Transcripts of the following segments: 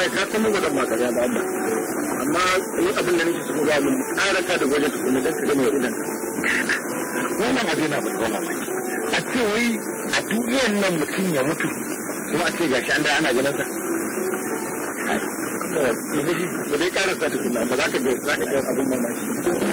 wallahi ka ka da Allah amma ni abin da nake so ga mun ƙara ka da gwaje tukuna dan ka gane idan wannan abin na ba a ce wai a duniyar nan mutum ya mutu kuma a ce gashi an da ana ganin sa ba dai karasa ba za ka ga abin mamaki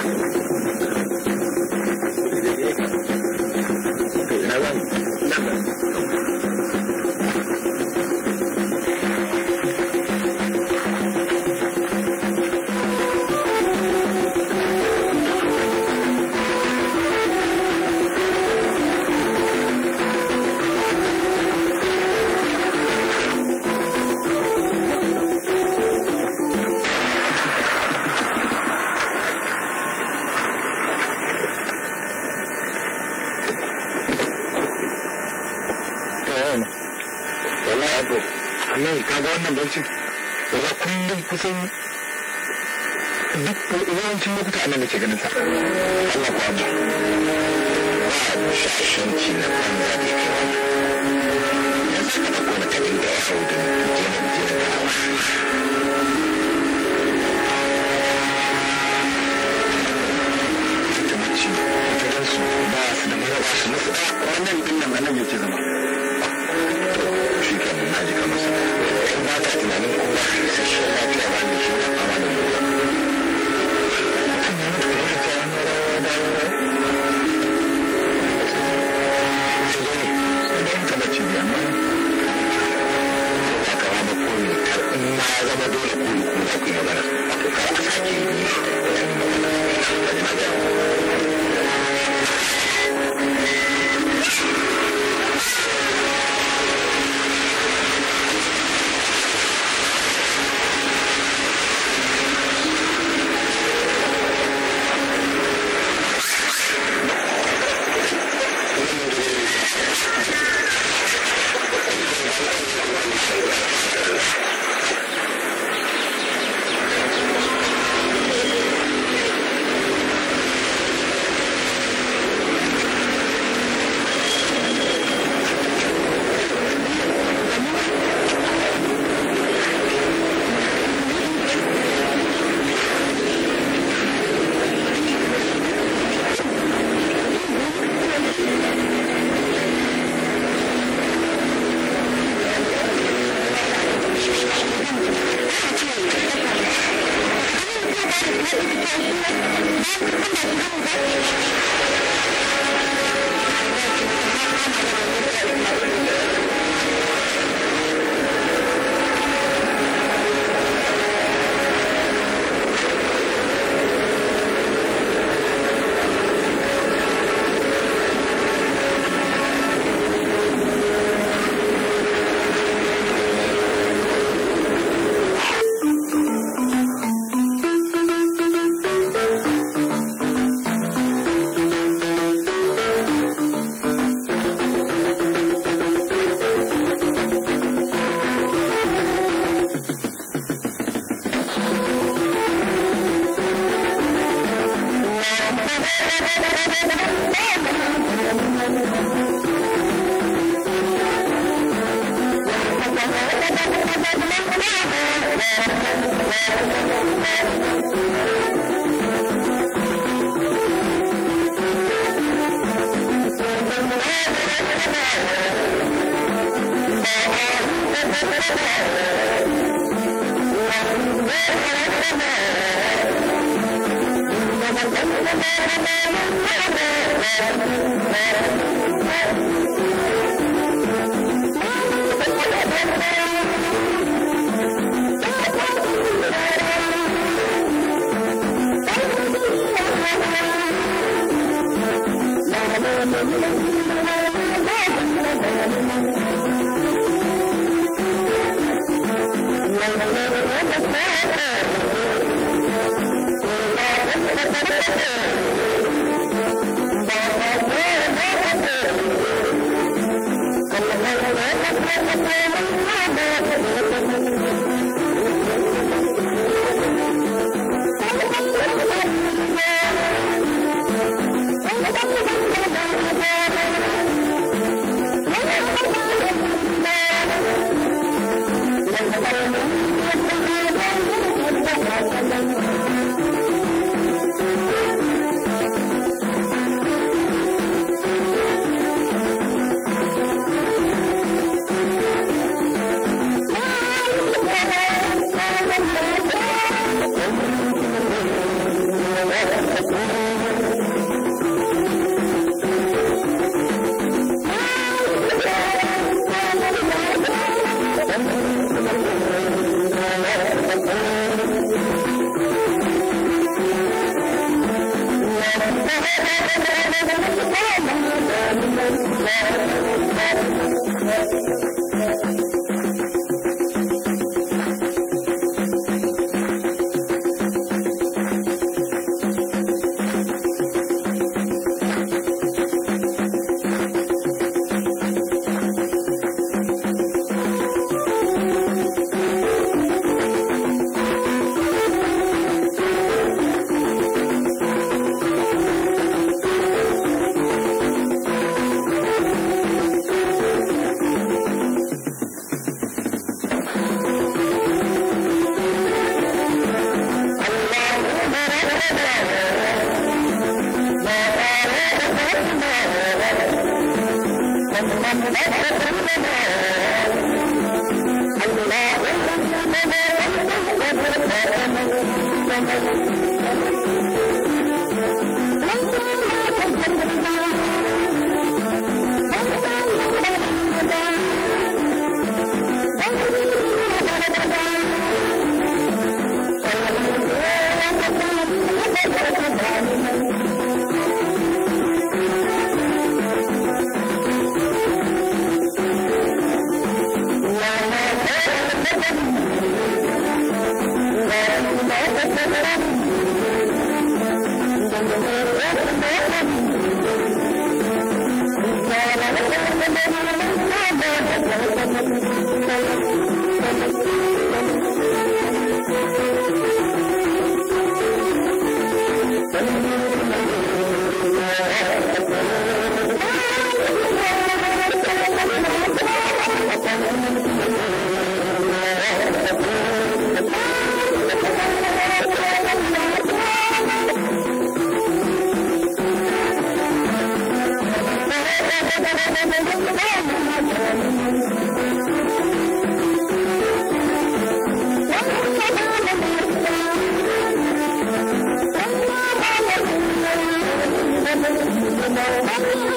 Thank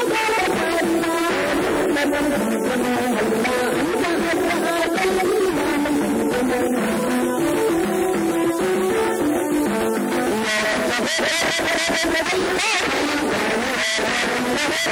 you.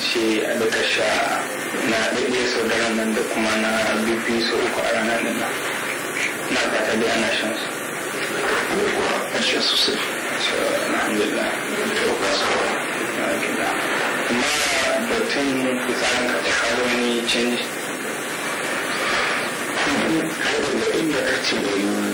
ce a daga sha na ɗaiɗe sau da nan da kuma na bp sau uku a ranar da na fata dai ana shan su a shan su sai so na gida amma batun ka ta kawo wani canji. da inda ka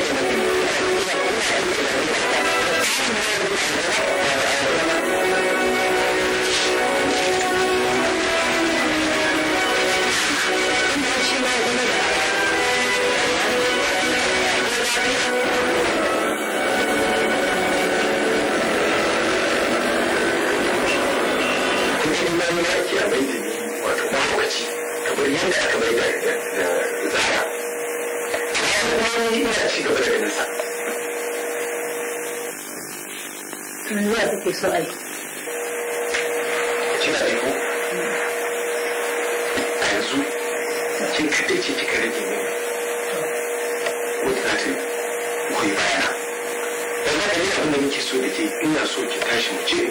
kamar da zara bayan kuma ina ci gaba da ganin sa ya kake so ai kina da a yanzu kin kaɗai ce kika rage ne wata ta ce bayana yanzu da ni abin da nake so da ke ina so ki tashi mu ce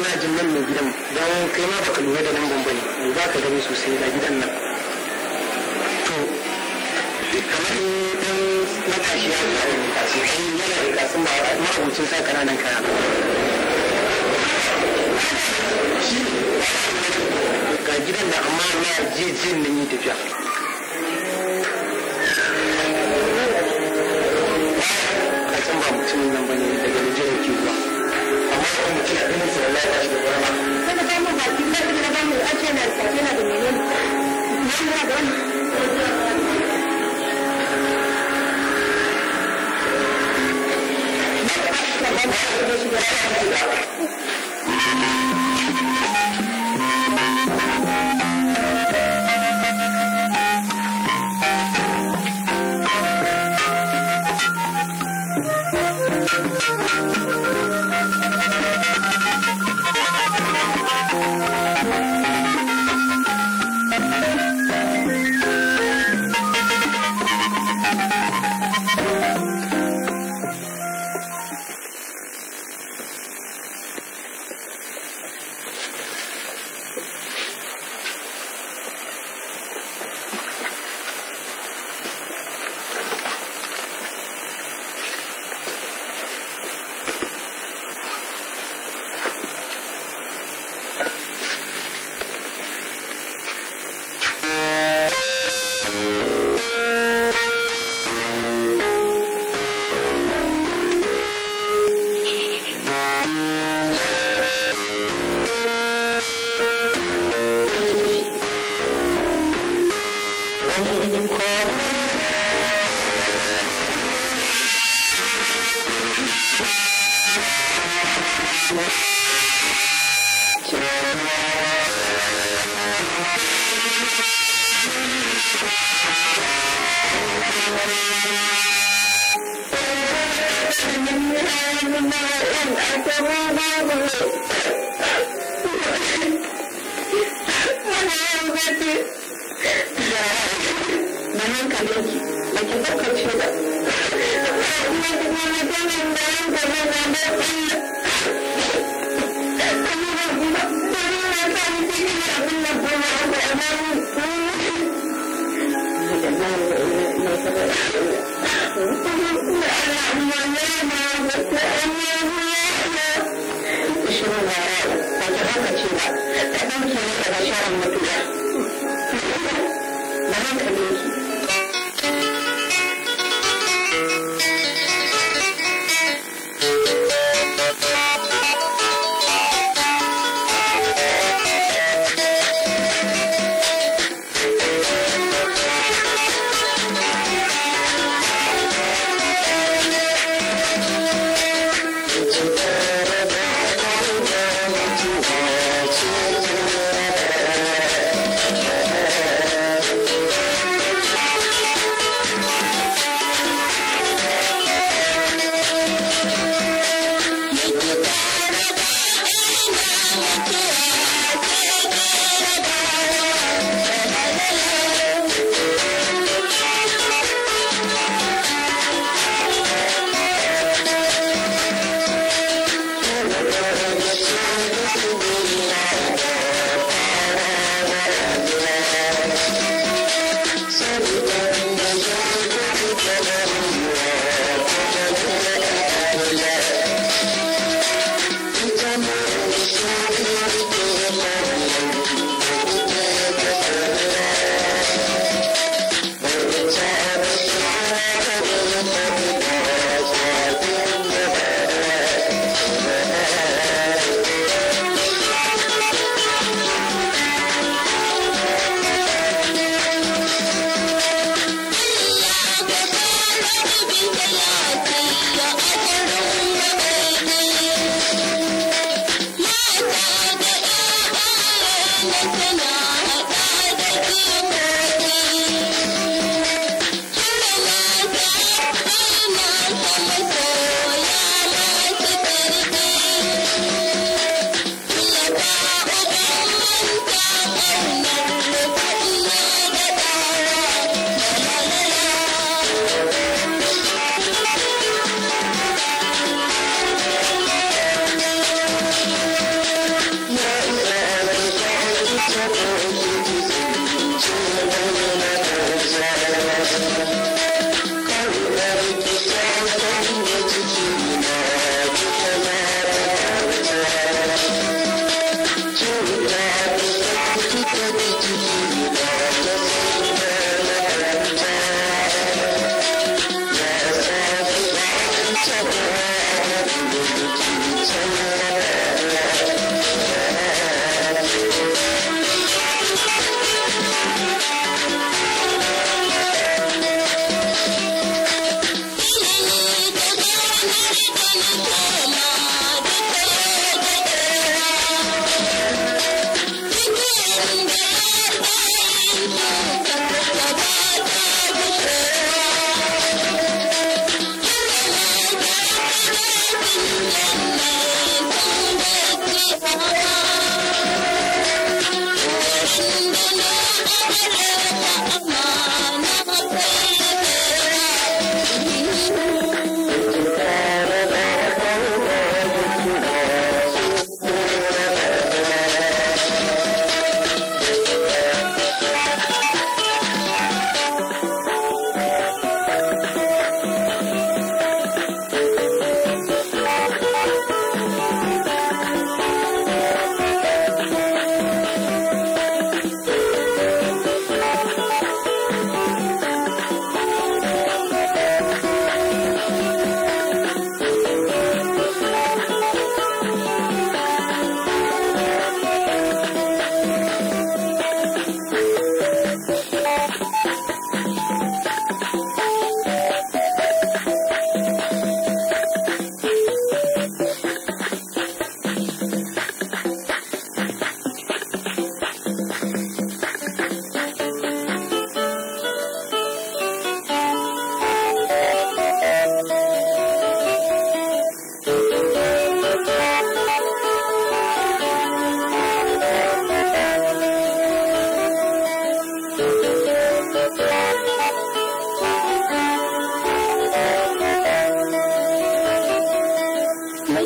ina jin nan mai gidan don kai ma baka lura da nan bambani za ka gani sosai ga gidan nan to kamar dan matashi ya zuwa da kasu shi yana da kasu ba a abincin sa kananan kaya ga gidan da amma na jijin nan yi tafiya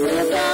Like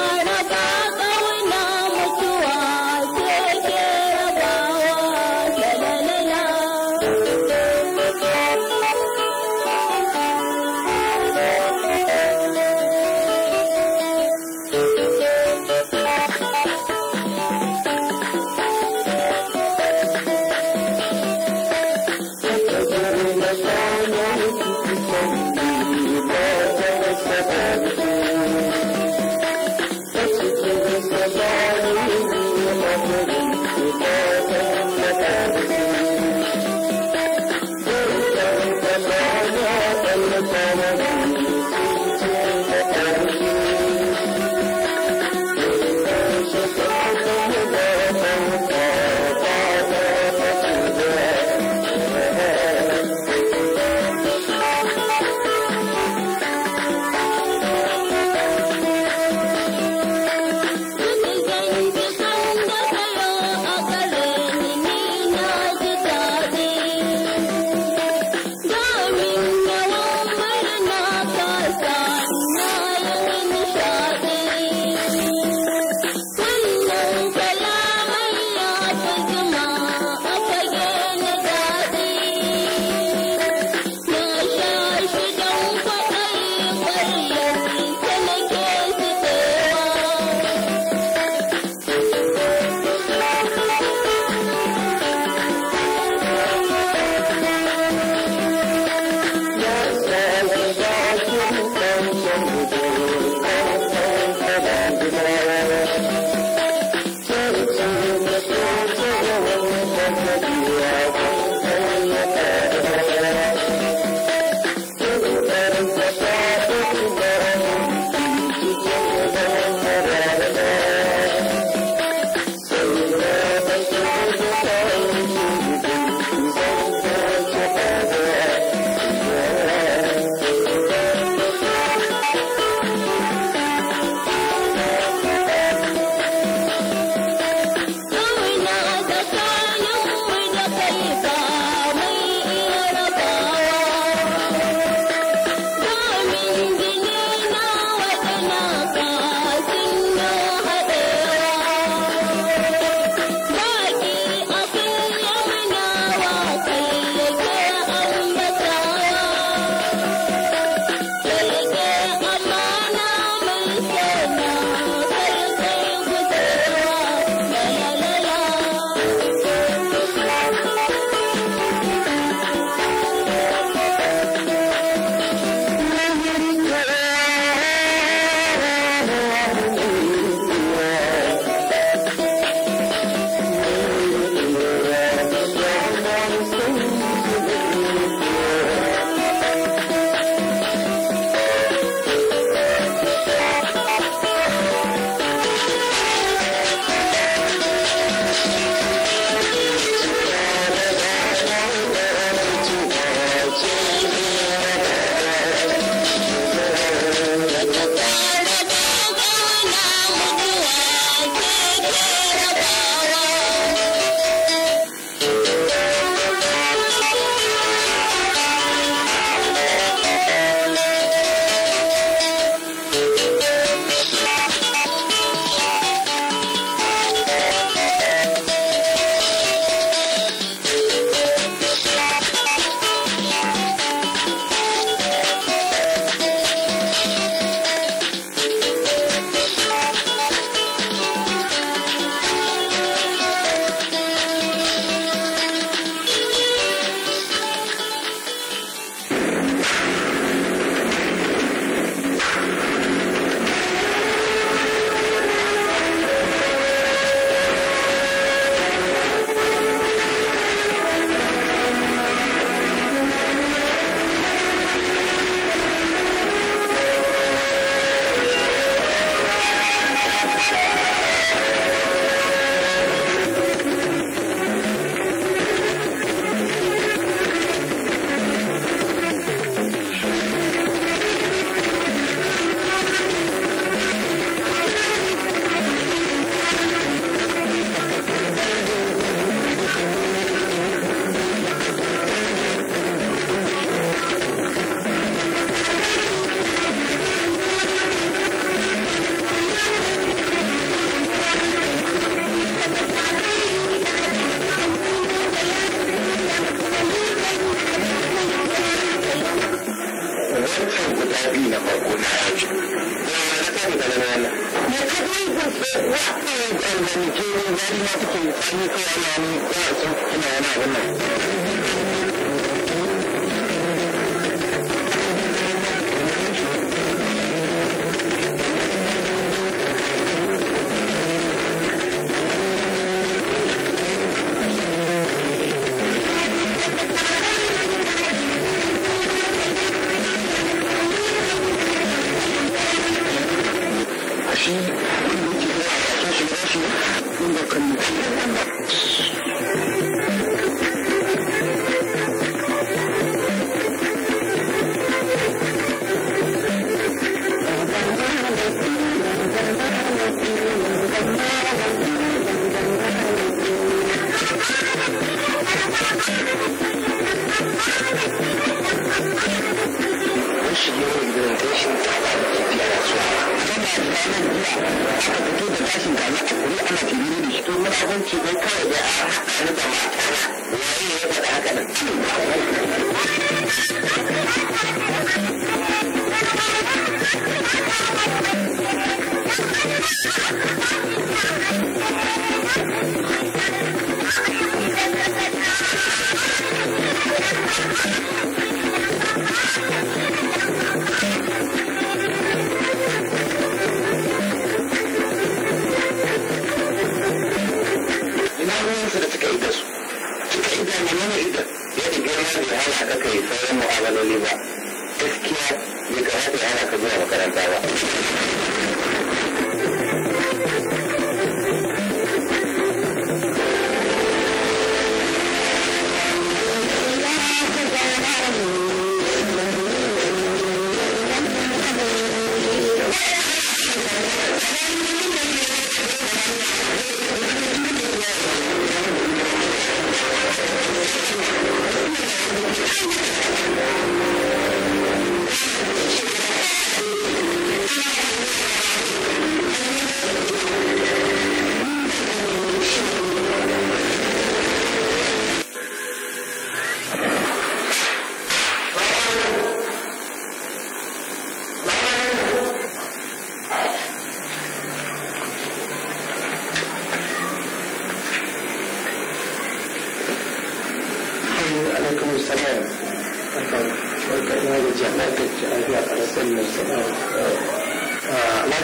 suke shi kawai ya san suna yana wannan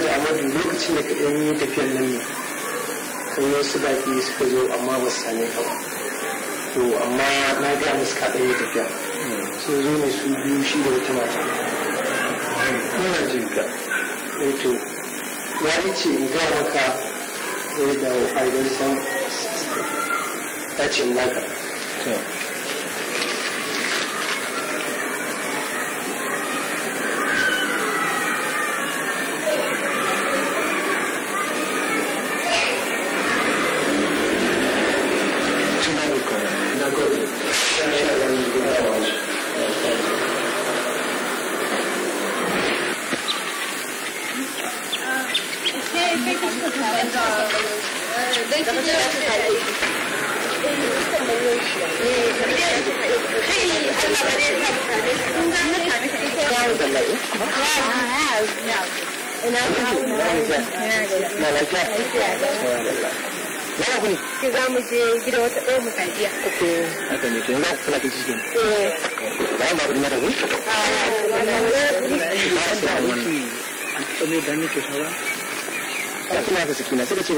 a amadu lokacin da kaɗan yi tafiyar nan ne sun wasu baƙi suka zo amma ba su same ka ba to amma na gaya musu kaɗan yi tafiya sun zo ne su biyu shi da wata mata kuma jin ka eh to ya yi ce in ga maka sai da ainihin san tacin maka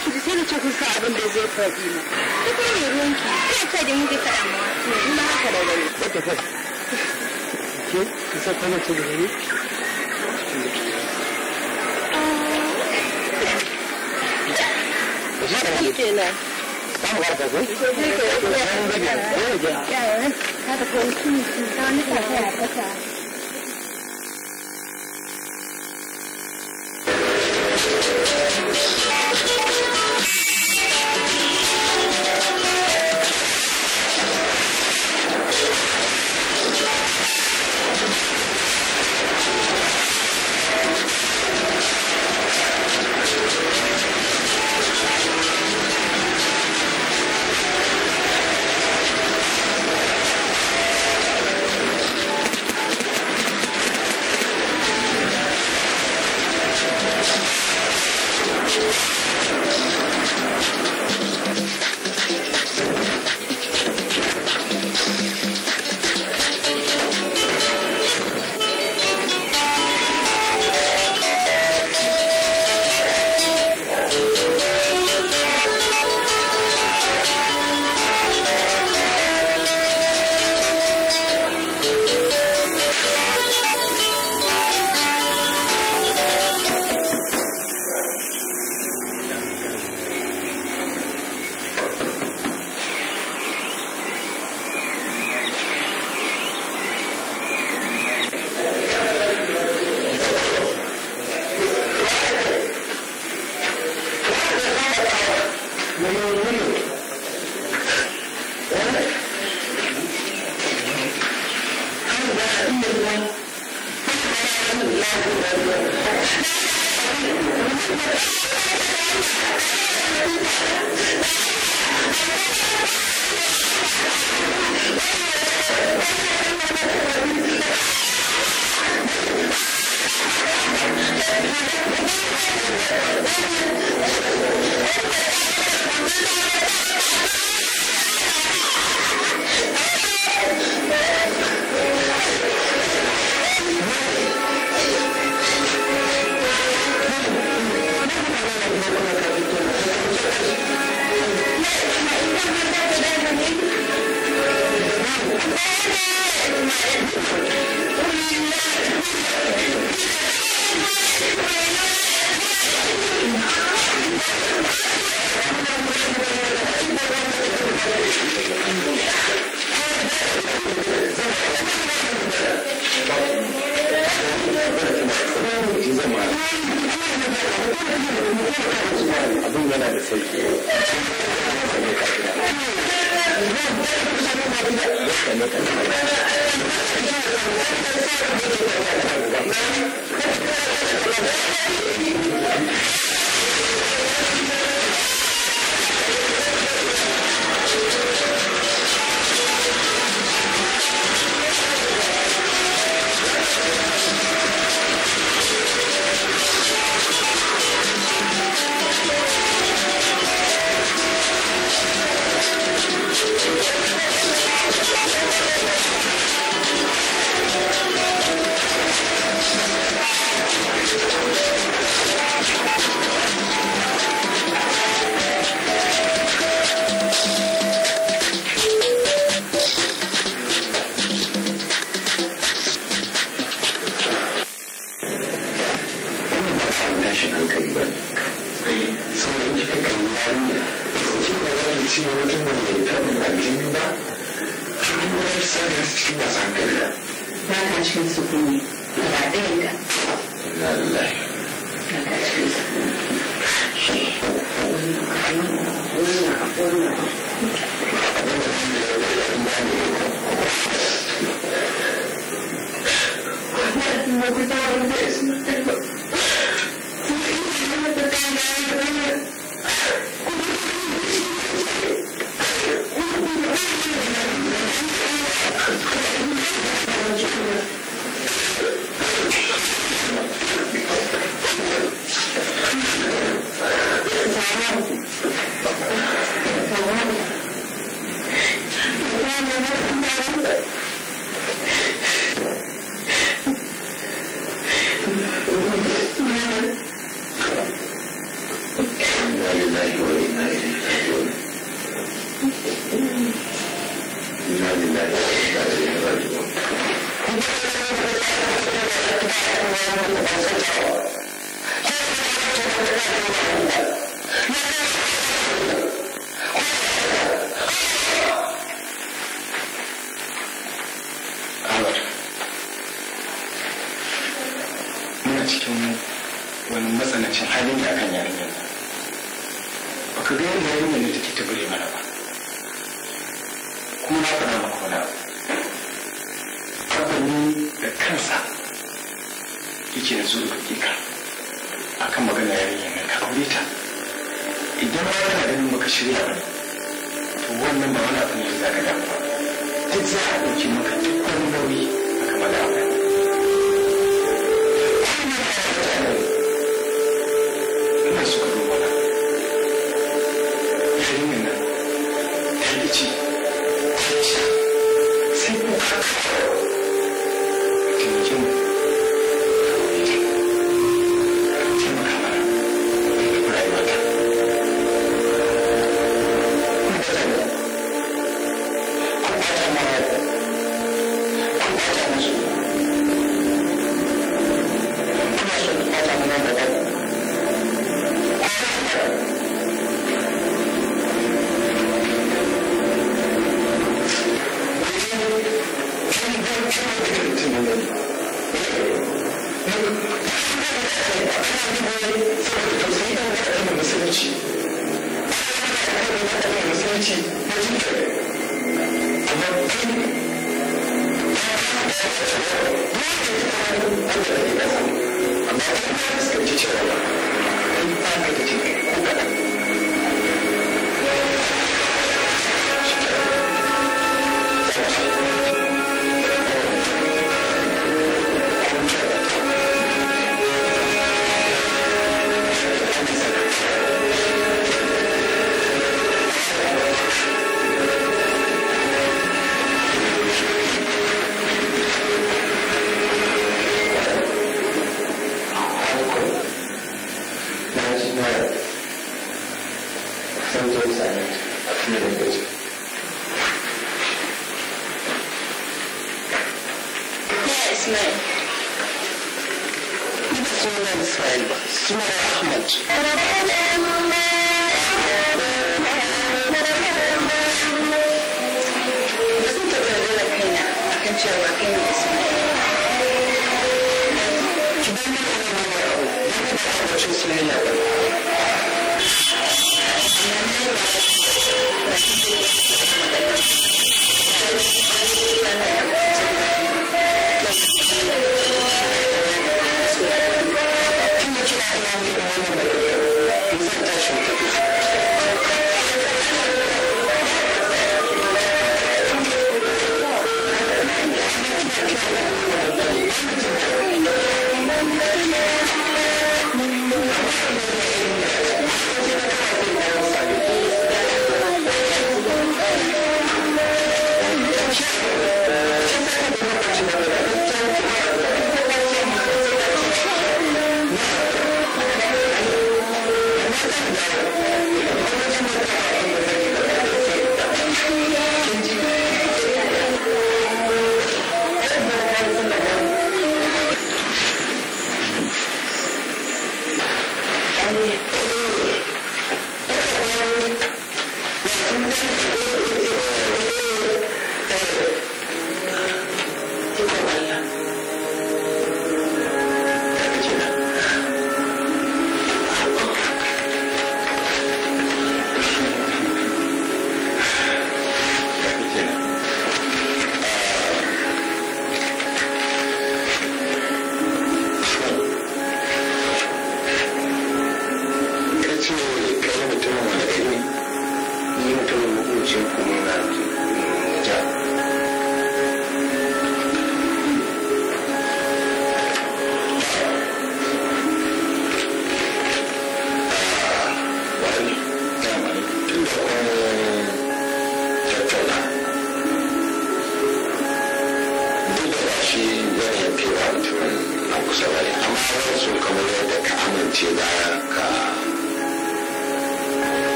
ki di sai da ce kun sa abin da zai faɗi mu ki kuma ne ruwan ki sai ce da muke faɗa mu in ba haka da gani ba ta fa ke ki sa kana ce da ni kenan samu har ka sai ka ya ya ya ka ta ko ki ta ni ka ta Thank you.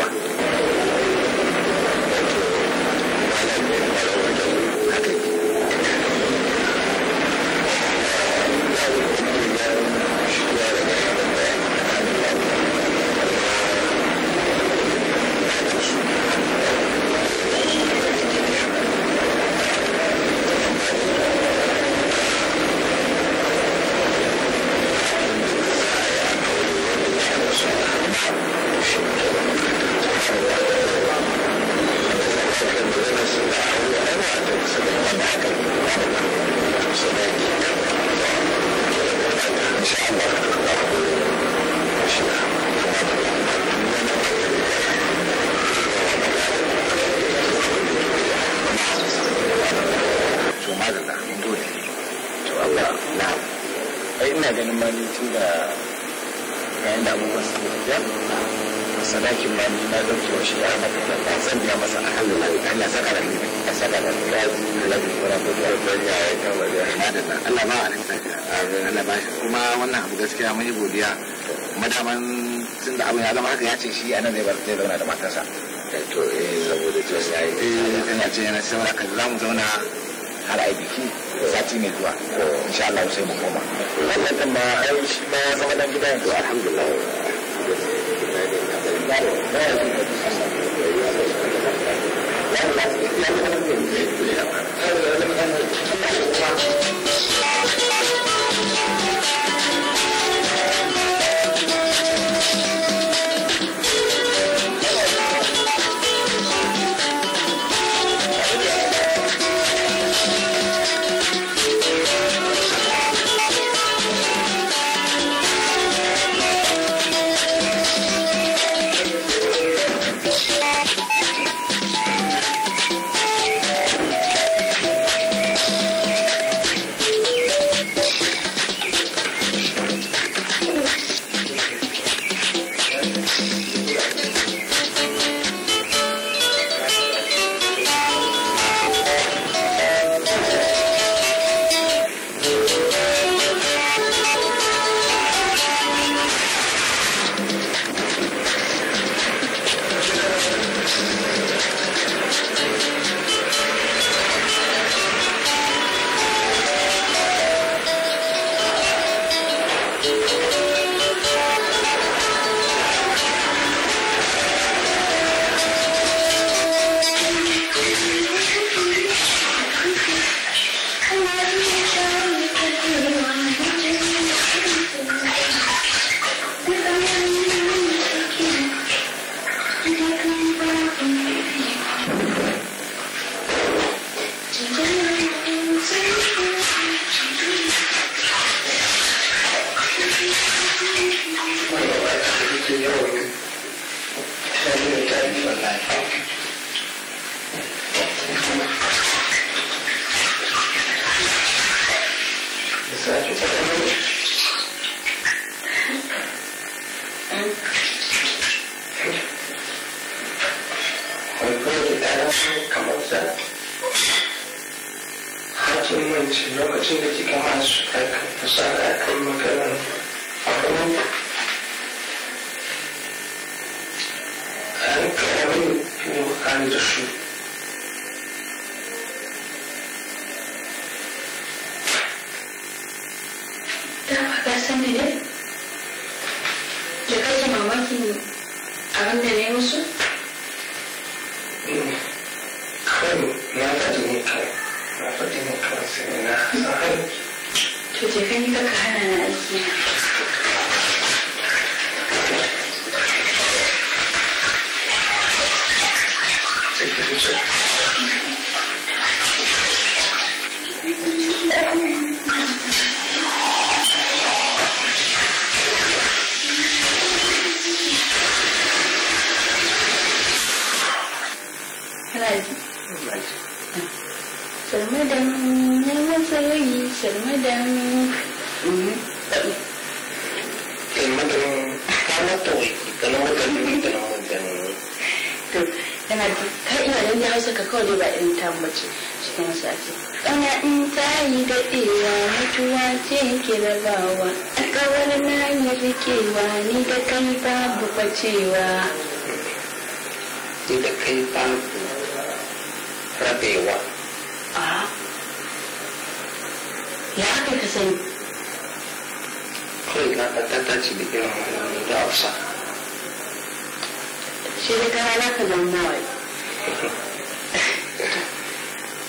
baba Cristiana de ver.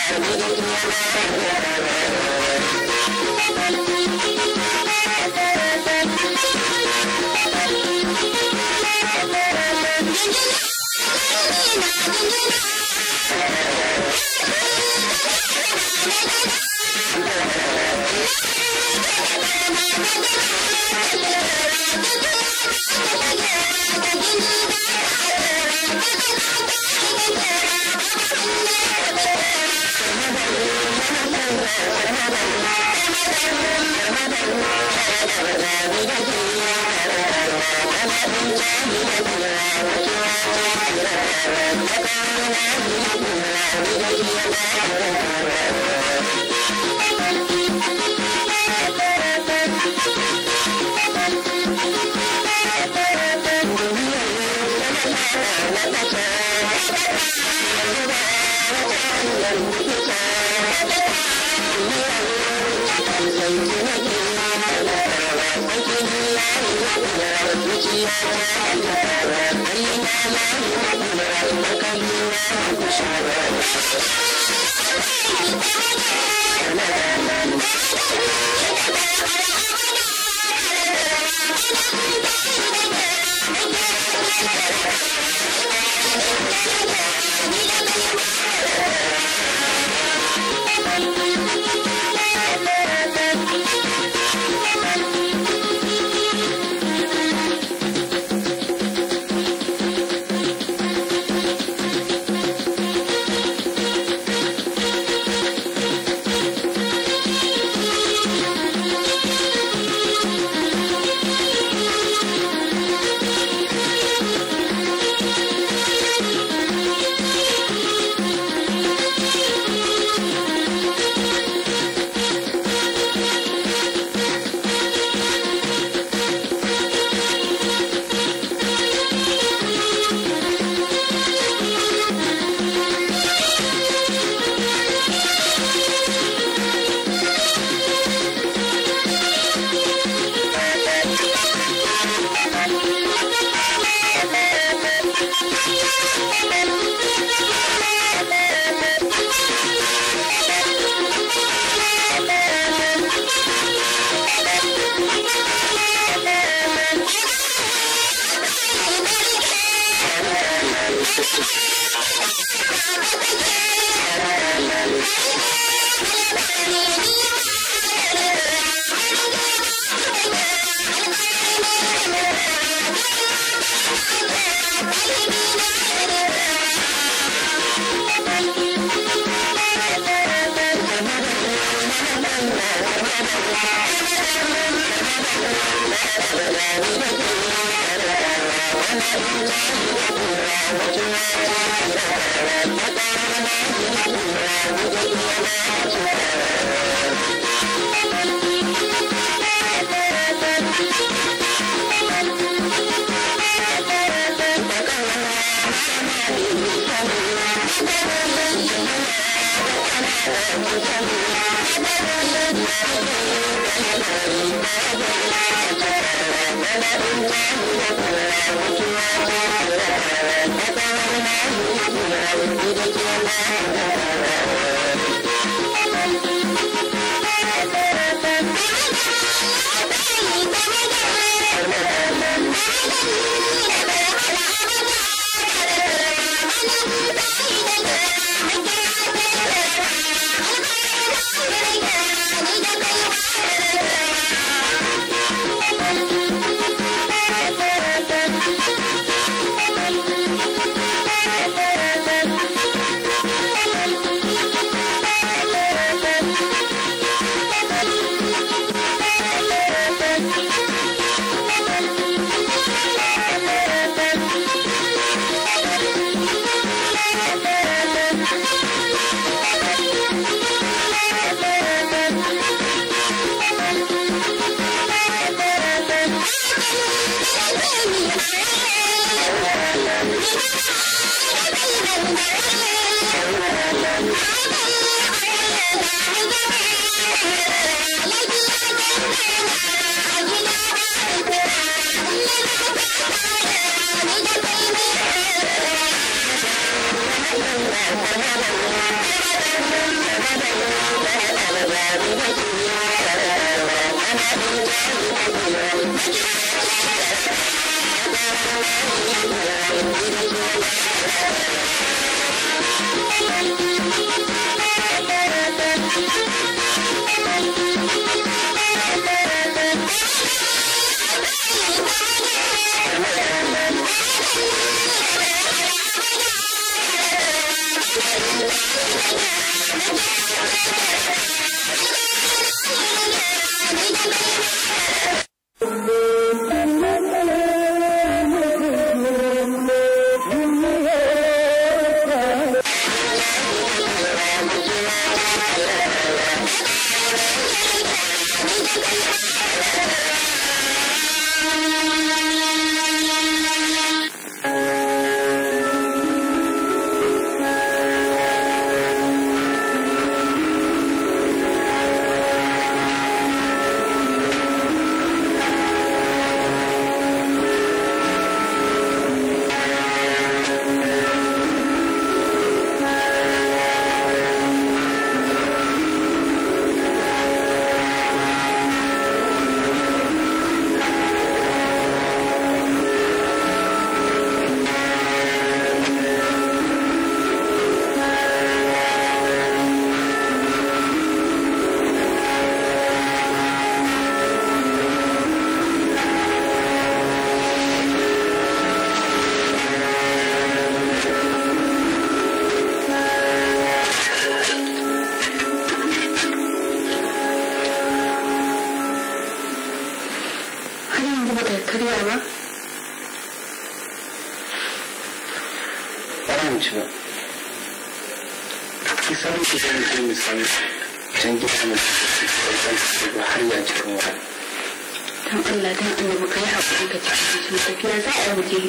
Thank you. Yeah.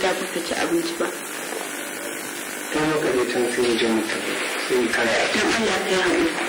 sha ba ci abinci ba ta lokacin sai ya je mutum sai ya karya Kan Allah ta yi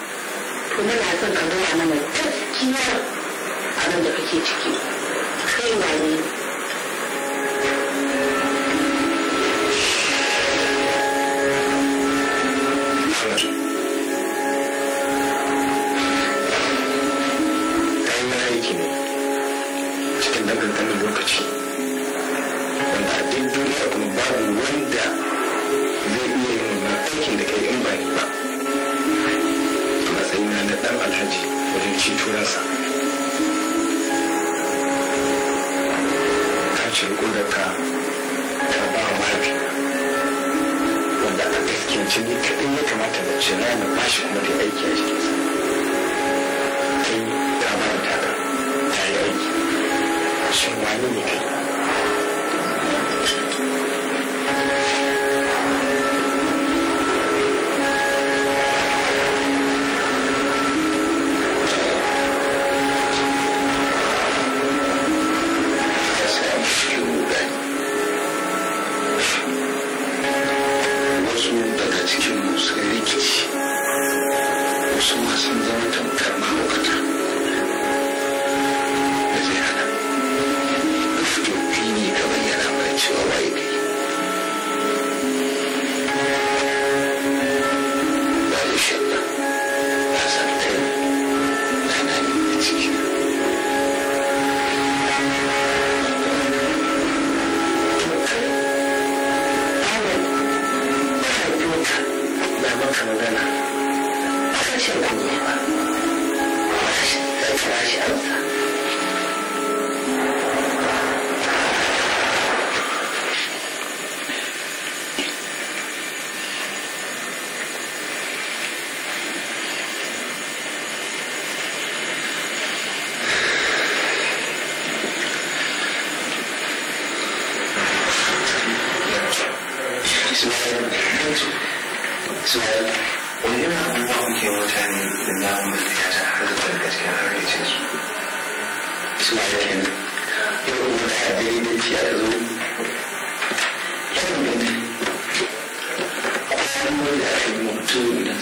to muna son ka nuna mana gaskiyar abin da kake ciki kai wane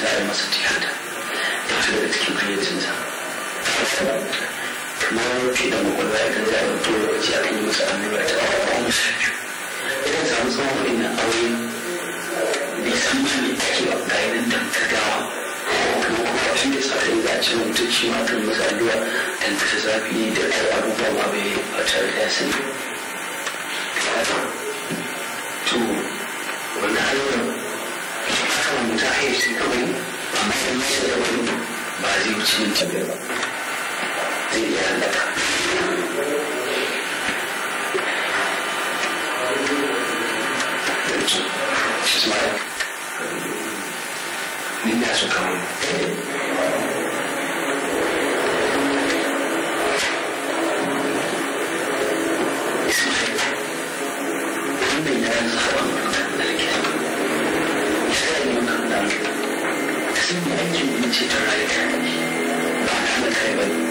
a yi masa da wasu cikin hayyacinsa kamar fi da makwalwa idan za a yi mutu lokaci akan allura ta awa ba mu idan samu tsawon wani aure bai san ma me ake ba ga yanar da ta gawa kamar a cikin a ma kan allura dan ta zafi da abubuwa ba bai ba tare da 마지막 치는 자리가 되게 한다. 그렇죠. 치지 마요. 민낯을 가면. consider it back on the